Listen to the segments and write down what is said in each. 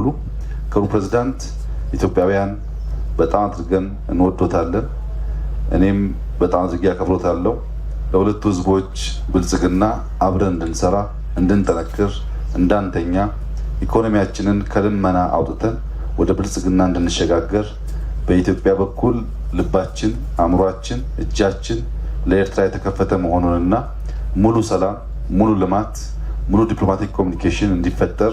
በሙሉ ክቡር ፕሬዚዳንት ኢትዮጵያውያን በጣም አድርገን እንወዶታለን። እኔም በጣም አድርጌ አከብሮታለሁ። ለሁለቱ ህዝቦች ብልጽግና አብረን እንድንሰራ፣ እንድንጠነክር፣ እንዳንተኛ ኢኮኖሚያችንን ከልመና አውጥተን ወደ ብልጽግና እንድንሸጋገር በኢትዮጵያ በኩል ልባችን፣ አእምሯችን፣ እጃችን ለኤርትራ የተከፈተ መሆኑንና ሙሉ ሰላም፣ ሙሉ ልማት፣ ሙሉ ዲፕሎማቲክ ኮሚኒኬሽን እንዲፈጠር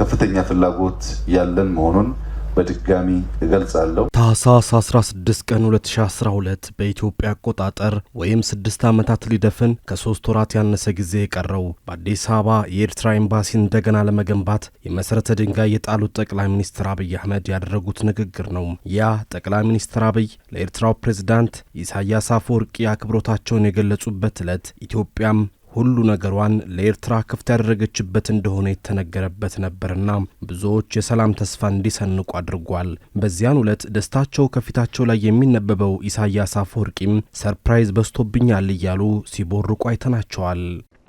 ከፍተኛ ፍላጎት ያለን መሆኑን በድጋሚ እገልጻለሁ። ታህሳስ 16 ቀን 2012 በኢትዮጵያ አቆጣጠር ወይም ስድስት ዓመታት ሊደፍን ከሶስት ወራት ያነሰ ጊዜ የቀረው በአዲስ አበባ የኤርትራ ኤምባሲ እንደገና ለመገንባት የመሠረተ ድንጋይ የጣሉት ጠቅላይ ሚኒስትር አብይ አህመድ ያደረጉት ንግግር ነው። ያ ጠቅላይ ሚኒስትር አብይ ለኤርትራው ፕሬዝዳንት ኢሳያስ አፈወርቂ አክብሮታቸውን የገለጹበት ዕለት ኢትዮጵያም ሁሉ ነገሯን ለኤርትራ ክፍት ያደረገችበት እንደሆነ የተነገረበት ነበርና ብዙዎች የሰላም ተስፋ እንዲሰንቁ አድርጓል። በዚያን ዕለት ደስታቸው ከፊታቸው ላይ የሚነበበው ኢሳያስ አፈወርቂም ሰርፕራይዝ በዝቶብኛል እያሉ ሲቦርቁ አይተናቸዋል።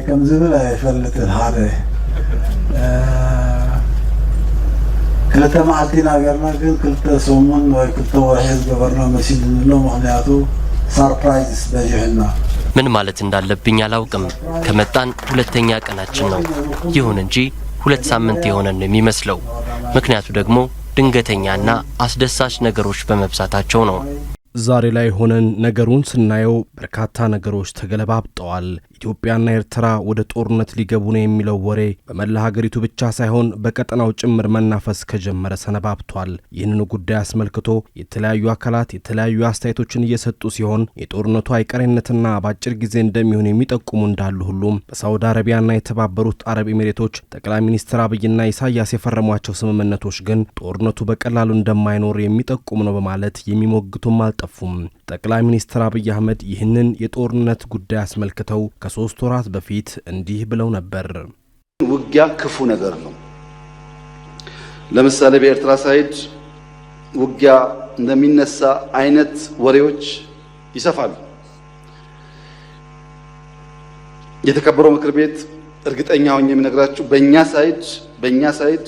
ከምዝብል አይፈልጥን ሓደ ክልተ መዓልቲ ናገርና ግን ክልተ ሰሙን ወይ ክልተ ወርሒ ዝገበርና መሲል ንሎ ምክንያቱ ሰርፕራይዝ በዚሕና ምን ማለት እንዳለብኝ አላውቅም። ከመጣን ሁለተኛ ቀናችን ነው። ይሁን እንጂ ሁለት ሳምንት የሆነን ነው የሚመስለው። ምክንያቱ ደግሞ ድንገተኛና አስደሳች ነገሮች በመብዛታቸው ነው። ዛሬ ላይ ሆነን ነገሩን ስናየው በርካታ ነገሮች ተገለባብጠዋል። ኢትዮጵያና ኤርትራ ወደ ጦርነት ሊገቡ ነው የሚለው ወሬ በመላ ሀገሪቱ ብቻ ሳይሆን በቀጠናው ጭምር መናፈስ ከጀመረ ሰነባብቷል። ይህንኑ ጉዳይ አስመልክቶ የተለያዩ አካላት የተለያዩ አስተያየቶችን እየሰጡ ሲሆን የጦርነቱ አይቀሬነትና በአጭር ጊዜ እንደሚሆን የሚጠቁሙ እንዳሉ ሁሉም በሳውዲ አረቢያና የተባበሩት አረብ ኤሚሬቶች ጠቅላይ ሚኒስትር አብይና ኢሳያስ የፈረሟቸው ስምምነቶች ግን ጦርነቱ በቀላሉ እንደማይኖር የሚጠቁም ነው በማለት የሚሞግቱም አልጠፉም። ጠቅላይ ሚኒስትር አብይ አህመድ ይህንን የጦርነት ጉዳይ አስመልክተው ከሶስት ወራት በፊት እንዲህ ብለው ነበር። ውጊያ ክፉ ነገር ነው። ለምሳሌ በኤርትራ ሳይድ ውጊያ እንደሚነሳ አይነት ወሬዎች ይሰፋሉ። የተከበረው ምክር ቤት እርግጠኛ ሆኜ የሚነግራችሁ በእኛ ሳይድ በእኛ ሳይድ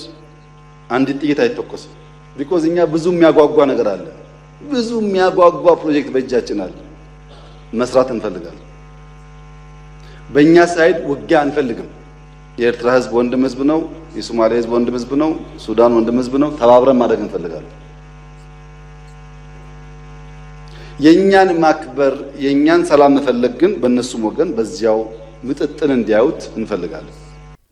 አንድ ጥይት አይተኮስም። ቢኮዝ እኛ ብዙ የሚያጓጓ ነገር አለ። ብዙ የሚያጓጓ ፕሮጀክት በእጃችን አለ፣ መስራት እንፈልጋለን። በእኛ ሳይድ ውጊያ አንፈልግም። የኤርትራ ህዝብ ወንድም ህዝብ ነው። የሶማሌ ህዝብ ወንድም ህዝብ ነው። ሱዳን ወንድም ህዝብ ነው። ተባብረን ማድረግ እንፈልጋለን። የእኛን ማክበር የእኛን ሰላም መፈለግ ግን በእነሱም ወገን በዚያው ምጥጥን እንዲያዩት እንፈልጋለን።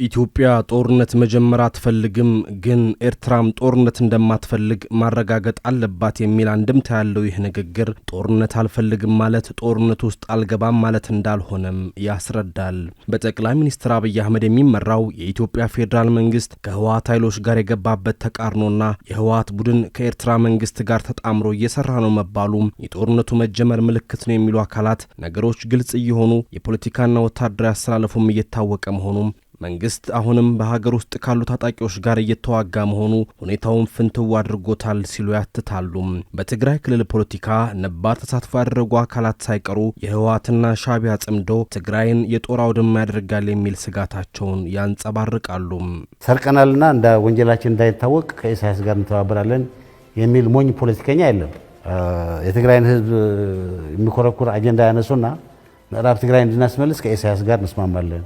ኢትዮጵያ ጦርነት መጀመር አትፈልግም፣ ግን ኤርትራም ጦርነት እንደማትፈልግ ማረጋገጥ አለባት የሚል አንድምታ ያለው ይህ ንግግር ጦርነት አልፈልግም ማለት ጦርነት ውስጥ አልገባም ማለት እንዳልሆነም ያስረዳል። በጠቅላይ ሚኒስትር አብይ አህመድ የሚመራው የኢትዮጵያ ፌዴራል መንግስት ከህወሀት ኃይሎች ጋር የገባበት ተቃርኖና የህወሀት ቡድን ከኤርትራ መንግስት ጋር ተጣምሮ እየሰራ ነው መባሉ የጦርነቱ መጀመር ምልክት ነው የሚሉ አካላት ነገሮች ግልጽ እየሆኑ የፖለቲካና ወታደራዊ አስተላለፉም እየታወቀ መሆኑም መንግስት አሁንም በሀገር ውስጥ ካሉ ታጣቂዎች ጋር እየተዋጋ መሆኑ ሁኔታውን ፍንትው አድርጎታል ሲሉ ያትታሉ በትግራይ ክልል ፖለቲካ ነባር ተሳትፎ ያደረጉ አካላት ሳይቀሩ የህወሓትና ሻቢያ ጽምዶ ትግራይን የጦር አውድማ ያደርጋል የሚል ስጋታቸውን ያንጸባርቃሉ። ሰርቀናልና እንደ ወንጀላችን እንዳይታወቅ ከኢሳያስ ጋር እንተባበራለን የሚል ሞኝ ፖለቲከኛ የለም። የትግራይን ህዝብ የሚኮረኩር አጀንዳ ያነሱና ምዕራብ ትግራይ እንድናስመልስ ከኢሳያስ ጋር እንስማማለን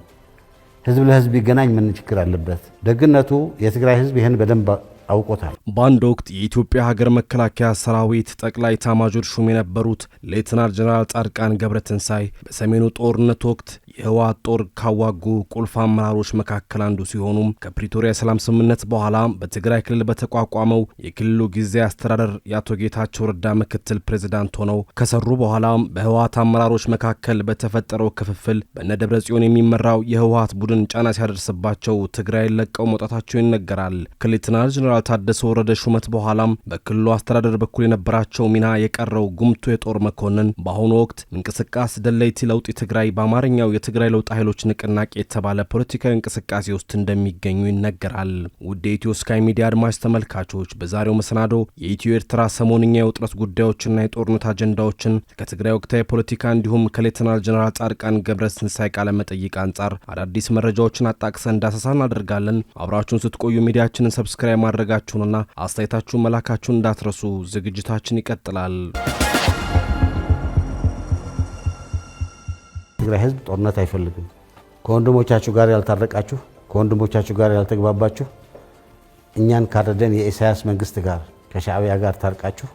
ህዝብ ለህዝብ ይገናኝ ምን ችግር አለበት? ደግነቱ የትግራይ ህዝብ ይህን በደንብ አውቆታል። በአንድ ወቅት የኢትዮጵያ ሀገር መከላከያ ሰራዊት ጠቅላይ ታማጆር ሹም የነበሩት ሌተናል ጀነራል ጻድቃን ገብረትንሳይ በሰሜኑ ጦርነት ወቅት የህወሓት ጦር ካዋጉ ቁልፍ አመራሮች መካከል አንዱ ሲሆኑም ከፕሪቶሪያ የሰላም ስምምነት በኋላ በትግራይ ክልል በተቋቋመው የክልሉ ጊዜያዊ አስተዳደር የአቶ ጌታቸው ረዳ ምክትል ፕሬዚዳንት ሆነው ከሰሩ በኋላ በህወሓት አመራሮች መካከል በተፈጠረው ክፍፍል በነ ደብረ ጽዮን የሚመራው የህወሓት ቡድን ጫና ሲያደርስባቸው ትግራይ ለቀው መውጣታቸው ይነገራል። ከሌተናል ጀኔራል ታደሰ ወረደ ሹመት በኋላም በክልሉ አስተዳደር በኩል የነበራቸው ሚና የቀረው ጉምቱ የጦር መኮንን በአሁኑ ወቅት እንቅስቃሴ ደለይቲ ለውጥ ትግራይ በአማርኛው የትግራይ ለውጥ ኃይሎች ንቅናቄ የተባለ ፖለቲካዊ እንቅስቃሴ ውስጥ እንደሚገኙ ይነገራል። ውድ የኢትዮ ስካይ ሚዲያ አድማጭ ተመልካቾች በዛሬው መሰናዶ የኢትዮ ኤርትራ ሰሞንኛ የውጥረት ጉዳዮችና የጦርነት አጀንዳዎችን ከትግራይ ወቅታዊ ፖለቲካ እንዲሁም ከሌተናል ጀነራል ጻድቃን ገብረ ትንሳኤ ቃለ መጠይቅ አንጻር አዳዲስ መረጃዎችን አጣቅሰ እንዳሰሳ እናደርጋለን። አብራችሁን ስትቆዩ ሚዲያችንን ሰብስክራይብ ማድረጋችሁንና አስተያየታችሁን መላካችሁን እንዳትረሱ። ዝግጅታችን ይቀጥላል። የትግራይ ህዝብ ጦርነት አይፈልግም። ከወንድሞቻችሁ ጋር ያልታረቃችሁ፣ ከወንድሞቻችሁ ጋር ያልተግባባችሁ እኛን ካረደን የኢሳያስ መንግስት ጋር ከሻዕቢያ ጋር ታርቃችሁ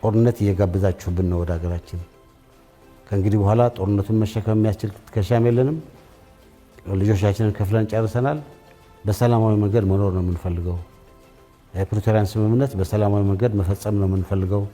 ጦርነት እየጋበዛችሁብን ነው ወደ ሀገራችን። ከእንግዲህ በኋላ ጦርነቱን መሸከም የሚያስችል ትከሻም የለንም። ልጆቻችንን ከፍለን ጨርሰናል። በሰላማዊ መንገድ መኖር ነው የምንፈልገው። የፕሪቶሪያን ስምምነት በሰላማዊ መንገድ መፈጸም ነው የምንፈልገው።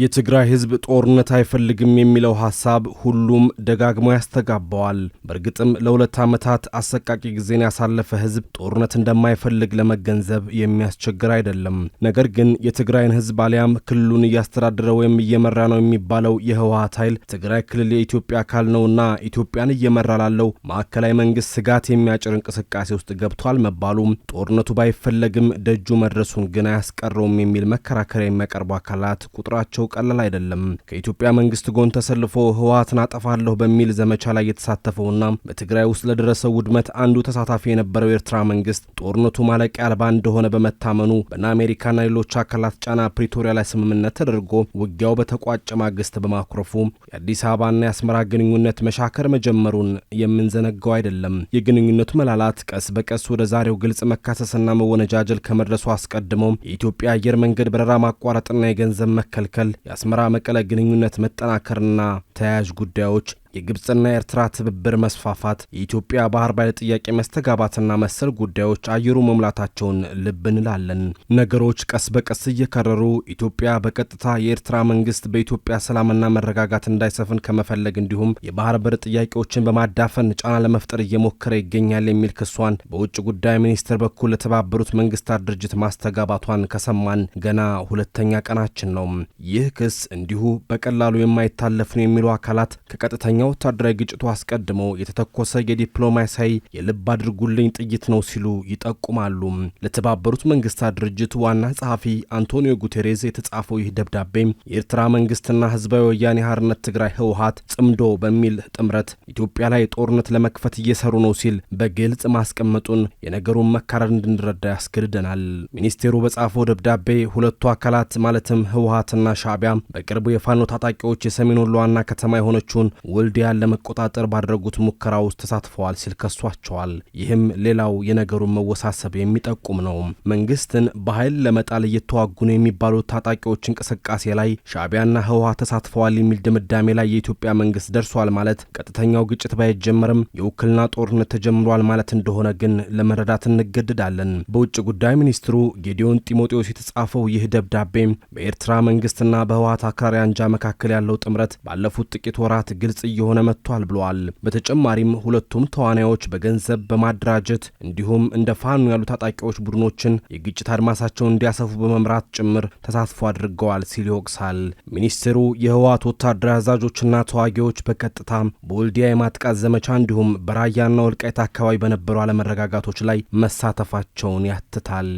የትግራይ ህዝብ ጦርነት አይፈልግም የሚለው ሐሳብ ሁሉም ደጋግሞ ያስተጋባዋል። በእርግጥም ለሁለት ዓመታት አሰቃቂ ጊዜን ያሳለፈ ህዝብ ጦርነት እንደማይፈልግ ለመገንዘብ የሚያስቸግር አይደለም። ነገር ግን የትግራይን ህዝብ አሊያም ክልሉን እያስተዳደረ ወይም እየመራ ነው የሚባለው የህወሀት ኃይል ትግራይ ክልል የኢትዮጵያ አካል ነውና ኢትዮጵያን እየመራ ላለው ማዕከላዊ መንግስት ስጋት የሚያጭር እንቅስቃሴ ውስጥ ገብቷል መባሉም ጦርነቱ ባይፈለግም ደጁ መድረሱን ግን አያስቀረውም የሚል መከራከሪያ የሚያቀርቡ አካላት ቁጥራቸው መሆናቸው ቀላል አይደለም። ከኢትዮጵያ መንግስት ጎን ተሰልፎ ህወሀትን አጠፋለሁ በሚል ዘመቻ ላይ የተሳተፈውና በትግራይ ውስጥ ለደረሰው ውድመት አንዱ ተሳታፊ የነበረው የኤርትራ መንግስት ጦርነቱ ማለቂያ አልባ እንደሆነ በመታመኑ በእነ አሜሪካና ሌሎች አካላት ጫና ፕሪቶሪያ ላይ ስምምነት ተደርጎ ውጊያው በተቋጨ ማግስት በማኩረፉ የአዲስ አበባና የአስመራ ግንኙነት መሻከር መጀመሩን የምንዘነጋው አይደለም። የግንኙነቱ መላላት ቀስ በቀስ ወደ ዛሬው ግልጽ መካሰስና መወነጃጀል ከመድረሱ አስቀድሞ የኢትዮጵያ አየር መንገድ በረራ ማቋረጥና የገንዘብ መከልከል የአስመራ መቀለ ግንኙነት መጠናከርና ተያያዥ ጉዳዮች የግብፅና የኤርትራ ትብብር መስፋፋት፣ የኢትዮጵያ ባህር በር ጥያቄ መስተጋባትና መሰል ጉዳዮች አየሩ መሙላታቸውን ልብ እንላለን። ነገሮች ቀስ በቀስ እየከረሩ ኢትዮጵያ በቀጥታ የኤርትራ መንግስት በኢትዮጵያ ሰላምና መረጋጋት እንዳይሰፍን ከመፈለግ እንዲሁም የባህር በር ጥያቄዎችን በማዳፈን ጫና ለመፍጠር እየሞከረ ይገኛል የሚል ክሷን በውጭ ጉዳይ ሚኒስቴር በኩል ለተባበሩት መንግስታት ድርጅት ማስተጋባቷን ከሰማን ገና ሁለተኛ ቀናችን ነው። ይህ ክስ እንዲሁ በቀላሉ የማይታለፍ ነው የሚሉ አካላት ከቀጥተኛ ከፍተኛ ወታደራዊ ግጭቱ አስቀድሞ የተተኮሰ የዲፕሎማሲያዊ የልብ አድርጉልኝ ጥይት ነው ሲሉ ይጠቁማሉ። ለተባበሩት መንግስታት ድርጅት ዋና ጸሐፊ አንቶኒዮ ጉቴሬዝ የተጻፈው ይህ ደብዳቤ የኤርትራ መንግስትና ህዝባዊ ወያኔ ሀርነት ትግራይ ህወሀት ጽምዶ በሚል ጥምረት ኢትዮጵያ ላይ ጦርነት ለመክፈት እየሰሩ ነው ሲል በግልጽ ማስቀመጡን የነገሩን መካረር እንድንረዳ ያስገድደናል። ሚኒስቴሩ በጻፈው ደብዳቤ ሁለቱ አካላት ማለትም ህወሀትና ሻዕቢያ በቅርቡ የፋኖ ታጣቂዎች የሰሜን ወሎ ዋና ከተማ የሆነችውን ውል ወልዲያን ለመቆጣጠር ባደረጉት ሙከራ ውስጥ ተሳትፈዋል ሲል ከሷቸዋል። ይህም ሌላው የነገሩን መወሳሰብ የሚጠቁም ነው። መንግስትን በኃይል ለመጣል እየተዋጉ ነው የሚባሉት ታጣቂዎች እንቅስቃሴ ላይ ሻዕቢያና ህወሓት ተሳትፈዋል የሚል ድምዳሜ ላይ የኢትዮጵያ መንግስት ደርሷል ማለት ቀጥተኛው ግጭት ባይጀመርም የውክልና ጦርነት ተጀምሯል ማለት እንደሆነ ግን ለመረዳት እንገድዳለን። በውጭ ጉዳይ ሚኒስትሩ ጌዲዮን ጢሞቴዎስ የተጻፈው ይህ ደብዳቤ በኤርትራ መንግስትና በህወሓት አክራሪ አንጃ መካከል ያለው ጥምረት ባለፉት ጥቂት ወራት ግልጽ እየሆነ መጥቷል ብለዋል። በተጨማሪም ሁለቱም ተዋናዮች በገንዘብ በማደራጀት እንዲሁም እንደ ፋኖ ያሉ ታጣቂዎች ቡድኖችን የግጭት አድማሳቸውን እንዲያሰፉ በመምራት ጭምር ተሳትፎ አድርገዋል ሲል ይወቅሳል። ሚኒስትሩ የህወሓት ወታደራዊ አዛዦችና ተዋጊዎች በቀጥታ በወልዲያ የማጥቃት ዘመቻ እንዲሁም በራያና ወልቃይት አካባቢ በነበሩ አለመረጋጋቶች ላይ መሳተፋቸውን ያትታል።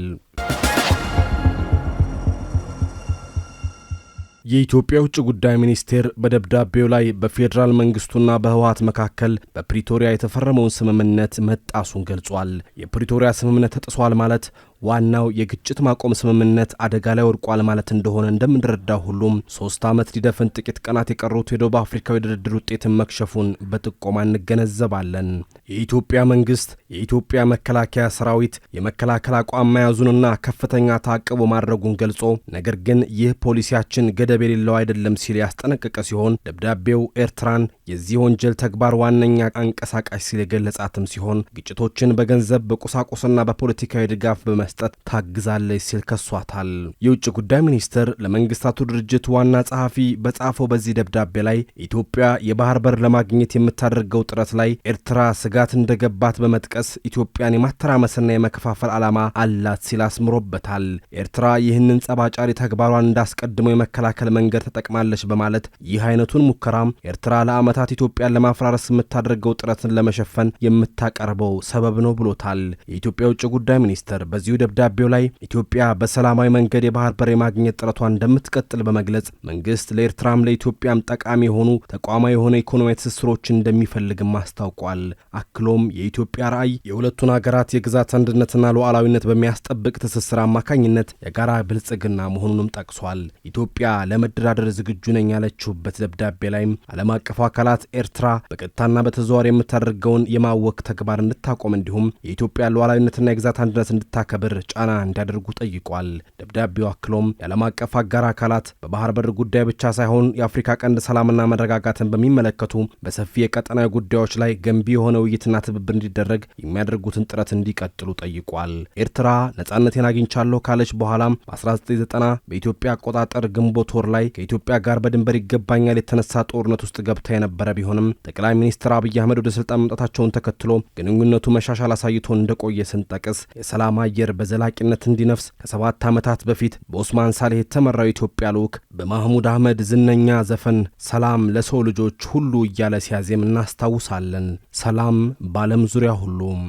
የኢትዮጵያ ውጭ ጉዳይ ሚኒስቴር በደብዳቤው ላይ በፌዴራል መንግስቱና በህወሀት መካከል በፕሪቶሪያ የተፈረመውን ስምምነት መጣሱን ገልጿል። የፕሪቶሪያ ስምምነት ተጥሷል ማለት ዋናው የግጭት ማቆም ስምምነት አደጋ ላይ ወድቋል ማለት እንደሆነ እንደምንረዳ ሁሉም ሶስት ዓመት ሊደፍን ጥቂት ቀናት የቀሩት የደቡብ አፍሪካዊ ድርድር ውጤትን መክሸፉን በጥቆማ እንገነዘባለን። የኢትዮጵያ መንግስት የኢትዮጵያ መከላከያ ሰራዊት የመከላከል አቋም መያዙንና ከፍተኛ ታቅቦ ማድረጉን ገልጾ ነገር ግን ይህ ፖሊሲያችን ገደብ የሌለው አይደለም ሲል ያስጠነቀቀ ሲሆን ደብዳቤው ኤርትራን የዚህ ወንጀል ተግባር ዋነኛ አንቀሳቃሽ ሲል የገለጻትም ሲሆን ግጭቶችን በገንዘብ በቁሳቁስና በፖለቲካዊ ድጋፍ በመስ በመስጠት ታግዛለች ሲል ከሷታል። የውጭ ጉዳይ ሚኒስትር ለመንግስታቱ ድርጅት ዋና ጸሐፊ በጻፈው በዚህ ደብዳቤ ላይ ኢትዮጵያ የባህር በር ለማግኘት የምታደርገው ጥረት ላይ ኤርትራ ስጋት እንደገባት በመጥቀስ ኢትዮጵያን የማተራመስና የመከፋፈል ዓላማ አላት ሲል አስምሮበታል። ኤርትራ ይህንን ጸባጫሪ ተግባሯን እንዳስቀድመው የመከላከል መንገድ ተጠቅማለች በማለት ይህ አይነቱን ሙከራም ኤርትራ ለዓመታት ኢትዮጵያን ለማፍራረስ የምታደርገው ጥረትን ለመሸፈን የምታቀርበው ሰበብ ነው ብሎታል። የኢትዮጵያ የውጭ ጉዳይ ሚኒስትር በዚሁ ደብዳቤው ላይ ኢትዮጵያ በሰላማዊ መንገድ የባህር በር የማግኘት ጥረቷን እንደምትቀጥል በመግለጽ መንግስት ለኤርትራም ለኢትዮጵያም ጠቃሚ የሆኑ ተቋማዊ የሆነ ኢኮኖሚያዊ ትስስሮች እንደሚፈልግም አስታውቋል። አክሎም የኢትዮጵያ ራዕይ የሁለቱን ሀገራት የግዛት አንድነትና ሉዓላዊነት በሚያስጠብቅ ትስስር አማካኝነት የጋራ ብልጽግና መሆኑንም ጠቅሷል። ኢትዮጵያ ለመደራደር ዝግጁ ነኝ ያለችውበት ደብዳቤ ላይም ዓለም አቀፉ አካላት ኤርትራ በቀጥታና በተዘዋዋሪ የምታደርገውን የማወክ ተግባር እንድታቆም እንዲሁም የኢትዮጵያ ሉዓላዊነትና የግዛት አንድነት እንድታከብር በር ጫና እንዲያደርጉ ጠይቋል። ደብዳቤው አክሎም የዓለም አቀፍ አጋር አካላት በባህር በር ጉዳይ ብቻ ሳይሆን የአፍሪካ ቀንድ ሰላምና መረጋጋትን በሚመለከቱ በሰፊ የቀጠናዊ ጉዳዮች ላይ ገንቢ የሆነ ውይይትና ትብብር እንዲደረግ የሚያደርጉትን ጥረት እንዲቀጥሉ ጠይቋል። ኤርትራ ነጻነቴን አግኝቻለሁ ካለች በኋላም በ1990 በኢትዮጵያ አቆጣጠር ግንቦት ወር ላይ ከኢትዮጵያ ጋር በድንበር ይገባኛል የተነሳ ጦርነት ውስጥ ገብታ የነበረ ቢሆንም ጠቅላይ ሚኒስትር አብይ አህመድ ወደ ስልጣን መምጣታቸውን ተከትሎ ግንኙነቱ መሻሻል አሳይቶ እንደቆየ ስንጠቅስ የሰላም አየር በዘላቂነት እንዲነፍስ ከሰባት ዓመታት በፊት በኦስማን ሳሌህ የተመራው ኢትዮጵያ ልዑክ በማህሙድ አህመድ ዝነኛ ዘፈን ሰላም ለሰው ልጆች ሁሉ እያለ ሲያዜም እናስታውሳለን። ሰላም በዓለም ዙሪያ ሁሉም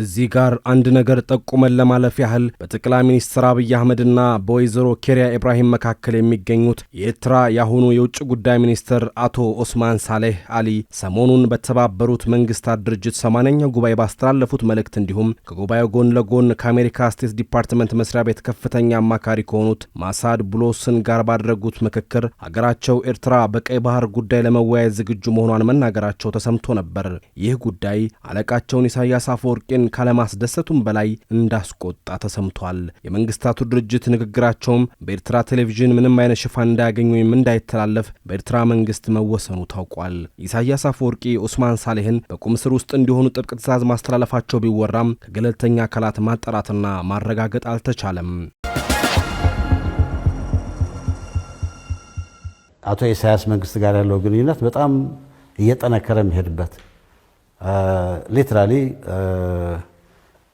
እዚህ ጋር አንድ ነገር ጠቁመን ለማለፍ ያህል በጠቅላይ ሚኒስትር አብይ አህመድና በወይዘሮ ኬሪያ ኢብራሂም መካከል የሚገኙት የኤርትራ የአሁኑ የውጭ ጉዳይ ሚኒስትር አቶ ኦስማን ሳሌህ አሊ ሰሞኑን በተባበሩት መንግስታት ድርጅት ሰማንያኛው ጉባኤ ባስተላለፉት መልእክት እንዲሁም ከጉባኤው ጎን ለጎን ከአሜሪካ ስቴትስ ዲፓርትመንት መስሪያ ቤት ከፍተኛ አማካሪ ከሆኑት ማሳድ ብሎስን ጋር ባደረጉት ምክክር ሀገራቸው ኤርትራ በቀይ ባህር ጉዳይ ለመወያየት ዝግጁ መሆኗን መናገራቸው ተሰምቶ ነበር። ይህ ጉዳይ አለቃቸውን ኢሳያስ አፈወርቂን ኢራንን ካለማስደሰቱም በላይ እንዳስቆጣ ተሰምቷል። የመንግስታቱ ድርጅት ንግግራቸውም በኤርትራ ቴሌቪዥን ምንም አይነት ሽፋን እንዳያገኝ ወይም እንዳይተላለፍ በኤርትራ መንግስት መወሰኑ ታውቋል። ኢሳያስ አፈወርቂ ኡስማን ሳሌህን በቁም ስር ውስጥ እንዲሆኑ ጥብቅ ትእዛዝ ማስተላለፋቸው ቢወራም ከገለልተኛ አካላት ማጣራትና ማረጋገጥ አልተቻለም። አቶ ኢሳያስ መንግስት ጋር ያለው ግንኙነት በጣም እየጠነከረ መሄድበት ሊትራሊ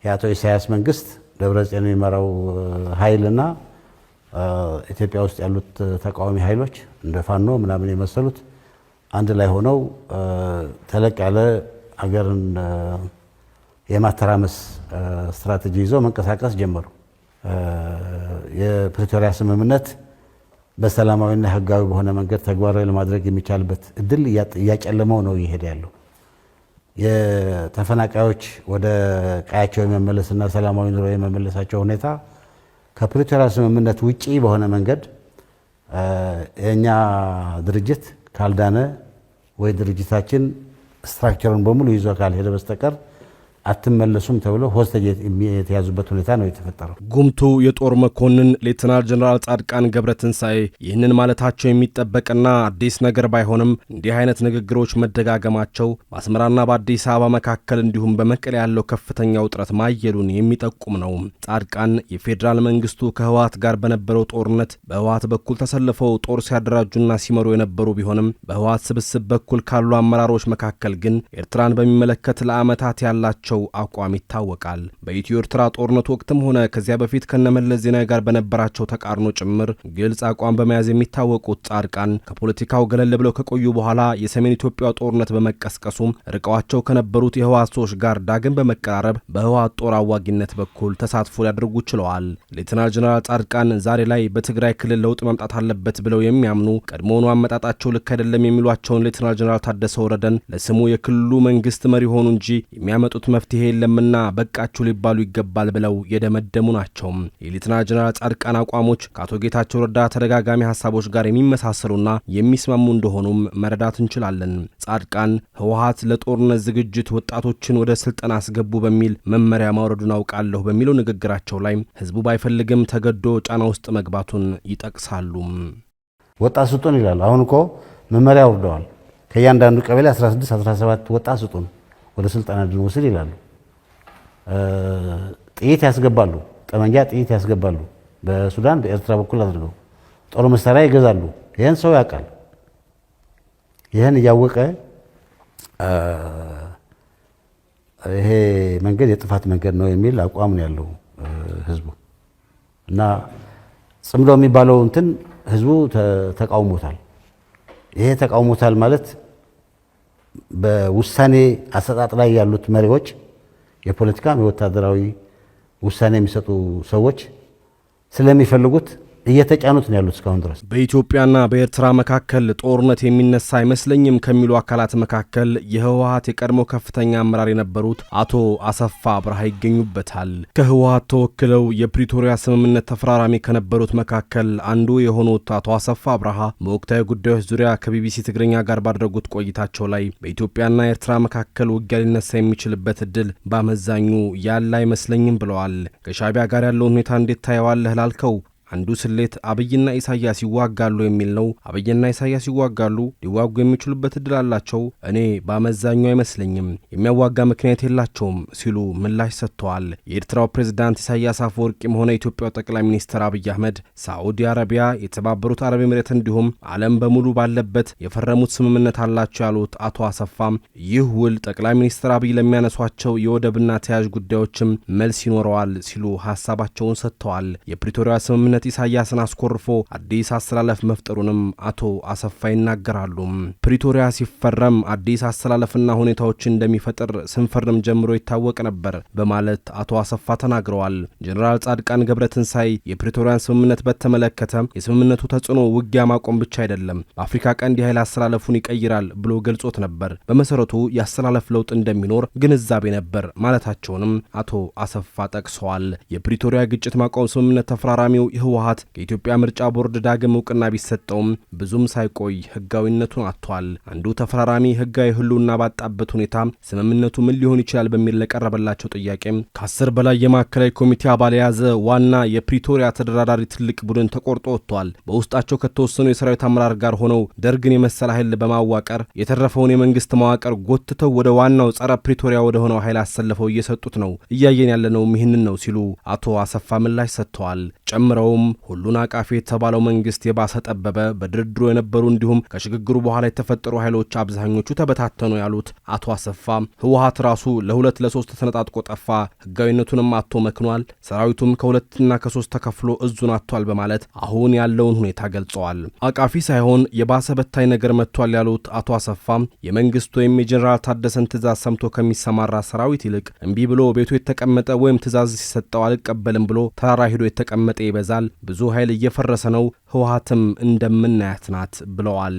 የአቶ ኢሳያስ መንግስት ደብረጽዮን የሚመራው ኃይልና ኢትዮጵያ ውስጥ ያሉት ተቃዋሚ ኃይሎች እንደ ፋኖ ምናምን የመሰሉት አንድ ላይ ሆነው ተለቅ ያለ አገርን የማተራመስ ስትራቴጂ ይዘው መንቀሳቀስ ጀመሩ። የፕሪቶሪያ ስምምነት በሰላማዊና ህጋዊ በሆነ መንገድ ተግባራዊ ለማድረግ የሚቻልበት እድል እያጨለመው ነው እየሄደ ያለው። የተፈናቃዮች ወደ ቀያቸው የመመለስና ሰላማዊ ኑሮ የመመለሳቸው ሁኔታ ከፕሪቶሪያ ስምምነት ውጪ በሆነ መንገድ የእኛ ድርጅት ካልዳነ ወይ ድርጅታችን ስትራክቸርን በሙሉ ይዞ ካልሄደ በስተቀር አትመለሱም ተብሎ ሆስቴጅ የተያዙበት ሁኔታ ነው የተፈጠረው። ጉምቱ የጦር መኮንን ሌትናል ጀኔራል ጻድቃን ገብረ ትንሣኤ ይህንን ማለታቸው የሚጠበቅና አዲስ ነገር ባይሆንም እንዲህ አይነት ንግግሮች መደጋገማቸው በአስመራና በአዲስ አበባ መካከል እንዲሁም በመቀሌ ያለው ከፍተኛ ውጥረት ማየሉን የሚጠቁም ነው። ጻድቃን የፌዴራል መንግስቱ ከህወሓት ጋር በነበረው ጦርነት በህወሓት በኩል ተሰልፈው ጦር ሲያደራጁና ሲመሩ የነበሩ ቢሆንም በህወሓት ስብስብ በኩል ካሉ አመራሮች መካከል ግን ኤርትራን በሚመለከት ለአመታት ያላቸው ያላቸው አቋም ይታወቃል። በኢትዮ ኤርትራ ጦርነት ወቅትም ሆነ ከዚያ በፊት ከነመለስ ዜናዊ ጋር በነበራቸው ተቃርኖ ጭምር ግልጽ አቋም በመያዝ የሚታወቁት ጻድቃን ከፖለቲካው ገለል ብለው ከቆዩ በኋላ የሰሜን ኢትዮጵያ ጦርነት በመቀስቀሱም ርቀዋቸው ከነበሩት የህወሓት ሰዎች ጋር ዳግም በመቀራረብ በህወሓት ጦር አዋጊነት በኩል ተሳትፎ ሊያደርጉ ችለዋል። ሌትናል ጀነራል ጻድቃን ዛሬ ላይ በትግራይ ክልል ለውጥ መምጣት አለበት ብለው የሚያምኑ ቀድሞውኑ አመጣጣቸው ልክ አይደለም የሚሏቸውን ሌትናል ጀነራል ታደሰ ወረደን ለስሙ የክልሉ መንግስት መሪ ሆኑ እንጂ የሚያመጡት መፍ መፍትሄ የለምና በቃችሁ ሊባሉ ይገባል ብለው የደመደሙ ናቸው። የሌተና ጀነራል ጻድቃን አቋሞች ከአቶ ጌታቸው ረዳ ተደጋጋሚ ሀሳቦች ጋር የሚመሳሰሉና የሚስማሙ እንደሆኑም መረዳት እንችላለን። ጻድቃን ህወሀት ለጦርነት ዝግጅት ወጣቶችን ወደ ስልጠና አስገቡ በሚል መመሪያ ማውረዱን አውቃለሁ በሚለው ንግግራቸው ላይ ህዝቡ ባይፈልግም ተገዶ ጫና ውስጥ መግባቱን ይጠቅሳሉ። ወጣት ስጡን ይላሉ። አሁን እኮ መመሪያ አውርደዋል። ከእያንዳንዱ ቀበሌ 16 17 ወጣት ስጡን ወደ ስልጠና እንድንወስድ ይላሉ። ጥይት ያስገባሉ፣ ጠመንጃ ጥይት ያስገባሉ። በሱዳን በኤርትራ በኩል አድርገው ጦር መሳሪያ ይገዛሉ። ይህን ሰው ያውቃል። ይህን እያወቀ ይሄ መንገድ የጥፋት መንገድ ነው የሚል አቋም ነው ያለው ህዝቡ እና ጽምዶ የሚባለው እንትን ህዝቡ ተቃውሞታል። ይሄ ተቃውሞታል ማለት በውሳኔ አሰጣጥ ላይ ያሉት መሪዎች የፖለቲካም የወታደራዊ ውሳኔ የሚሰጡ ሰዎች ስለሚፈልጉት እየተጫኑት ነው ያሉት እስካሁን ድረስ። በኢትዮጵያና በኤርትራ መካከል ጦርነት የሚነሳ አይመስለኝም ከሚሉ አካላት መካከል የህወሀት የቀድሞ ከፍተኛ አመራር የነበሩት አቶ አሰፋ አብርሃ ይገኙበታል። ከህወሀት ተወክለው የፕሪቶሪያ ስምምነት ተፈራራሚ ከነበሩት መካከል አንዱ የሆኑት አቶ አሰፋ አብርሃ በወቅታዊ ጉዳዮች ዙሪያ ከቢቢሲ ትግርኛ ጋር ባደረጉት ቆይታቸው ላይ በኢትዮጵያና ኤርትራ መካከል ውጊያ ሊነሳ የሚችልበት እድል በአመዛኙ ያለ አይመስለኝም ብለዋል። ከሻቢያ ጋር ያለውን ሁኔታ እንዴት ታየዋለህ ላልከው አንዱ ስሌት አብይና ኢሳያስ ይዋጋሉ የሚል ነው። አብይና ኢሳያስ ይዋጋሉ፣ ሊዋጉ የሚችሉበት እድል አላቸው። እኔ በአመዛኙ አይመስለኝም፣ የሚያዋጋ ምክንያት የላቸውም ሲሉ ምላሽ ሰጥተዋል። የኤርትራው ፕሬዝዳንት ኢሳያስ አፈወርቂም ሆነ ኢትዮጵያው ጠቅላይ ሚኒስትር አብይ አህመድ ሳዑዲ አረቢያ፣ የተባበሩት አረብ ኤምሬት እንዲሁም ዓለም በሙሉ ባለበት የፈረሙት ስምምነት አላቸው ያሉት አቶ አሰፋም ይህ ውል ጠቅላይ ሚኒስትር አብይ ለሚያነሷቸው የወደብና ተያያዥ ጉዳዮችም መልስ ይኖረዋል ሲሉ ሀሳባቸውን ሰጥተዋል። የፕሪቶሪያ ስምምነት በቀዳሚነት ኢሳያስን አስኮርፎ አዲስ አሰላለፍ መፍጠሩንም አቶ አሰፋ ይናገራሉ። ፕሪቶሪያ ሲፈረም አዲስ አሰላለፍና ሁኔታዎች እንደሚፈጥር ስንፈርም ጀምሮ ይታወቅ ነበር በማለት አቶ አሰፋ ተናግረዋል። ጀኔራል ጻድቃን ገብረትንሳይ የፕሪቶሪያን ስምምነት በተመለከተ የስምምነቱ ተጽዕኖ ውጊያ ማቆም ብቻ አይደለም፣ በአፍሪካ ቀንድ የኃይል አሰላለፉን ይቀይራል ብሎ ገልጾት ነበር። በመሰረቱ የአሰላለፍ ለውጥ እንደሚኖር ግንዛቤ ነበር ማለታቸውንም አቶ አሰፋ ጠቅሰዋል። የፕሪቶሪያ ግጭት ማቆም ስምምነት ተፈራራሚው ህወሀት ከኢትዮጵያ ምርጫ ቦርድ ዳግም እውቅና ቢሰጠውም ብዙም ሳይቆይ ህጋዊነቱን አጥቷል። አንዱ ተፈራራሚ ህጋዊ ህልውና ባጣበት ሁኔታ ስምምነቱ ምን ሊሆን ይችላል በሚል ለቀረበላቸው ጥያቄ ከአስር በላይ የማዕከላዊ ኮሚቴ አባል የያዘ ዋና የፕሪቶሪያ ተደራዳሪ ትልቅ ቡድን ተቆርጦ ወጥቷል። በውስጣቸው ከተወሰኑ የሰራዊት አመራር ጋር ሆነው ደርግን የመሰለ ኃይል በማዋቀር የተረፈውን የመንግስት መዋቅር ጎትተው ወደ ዋናው ጸረ ፕሪቶሪያ ወደ ሆነው ኃይል አሰልፈው እየሰጡት ነው። እያየን ያለነውም ይህንን ነው ሲሉ አቶ አሰፋ ምላሽ ሰጥተዋል። ጨምረው በመሆኑም ሁሉን አቃፊ የተባለው መንግስት የባሰ ጠበበ። በድርድሩ የነበሩ እንዲሁም ከሽግግሩ በኋላ የተፈጠሩ ኃይሎች አብዛኞቹ ተበታተኑ ያሉት አቶ አሰፋ ህወሀት ራሱ ለሁለት ለሶስት ተነጣጥቆ ጠፋ፣ ህጋዊነቱንም አቶ መክኗል፣ ሰራዊቱም ከሁለትና ከሶስት ተከፍሎ እዙን አጥቷል በማለት አሁን ያለውን ሁኔታ ገልጸዋል። አቃፊ ሳይሆን የባሰ በታይ ነገር መጥቷል ያሉት አቶ አሰፋ የመንግስት ወይም የጀኔራል ታደሰን ትእዛዝ ሰምቶ ከሚሰማራ ሰራዊት ይልቅ እምቢ ብሎ ቤቱ የተቀመጠ ወይም ትእዛዝ ሲሰጠው አልቀበልም ብሎ ተራራ ሄዶ የተቀመጠ ይበዛል። ብዙ ኃይል እየፈረሰ ነው፣ ህወሀትም እንደምናያት ናት ብለዋል።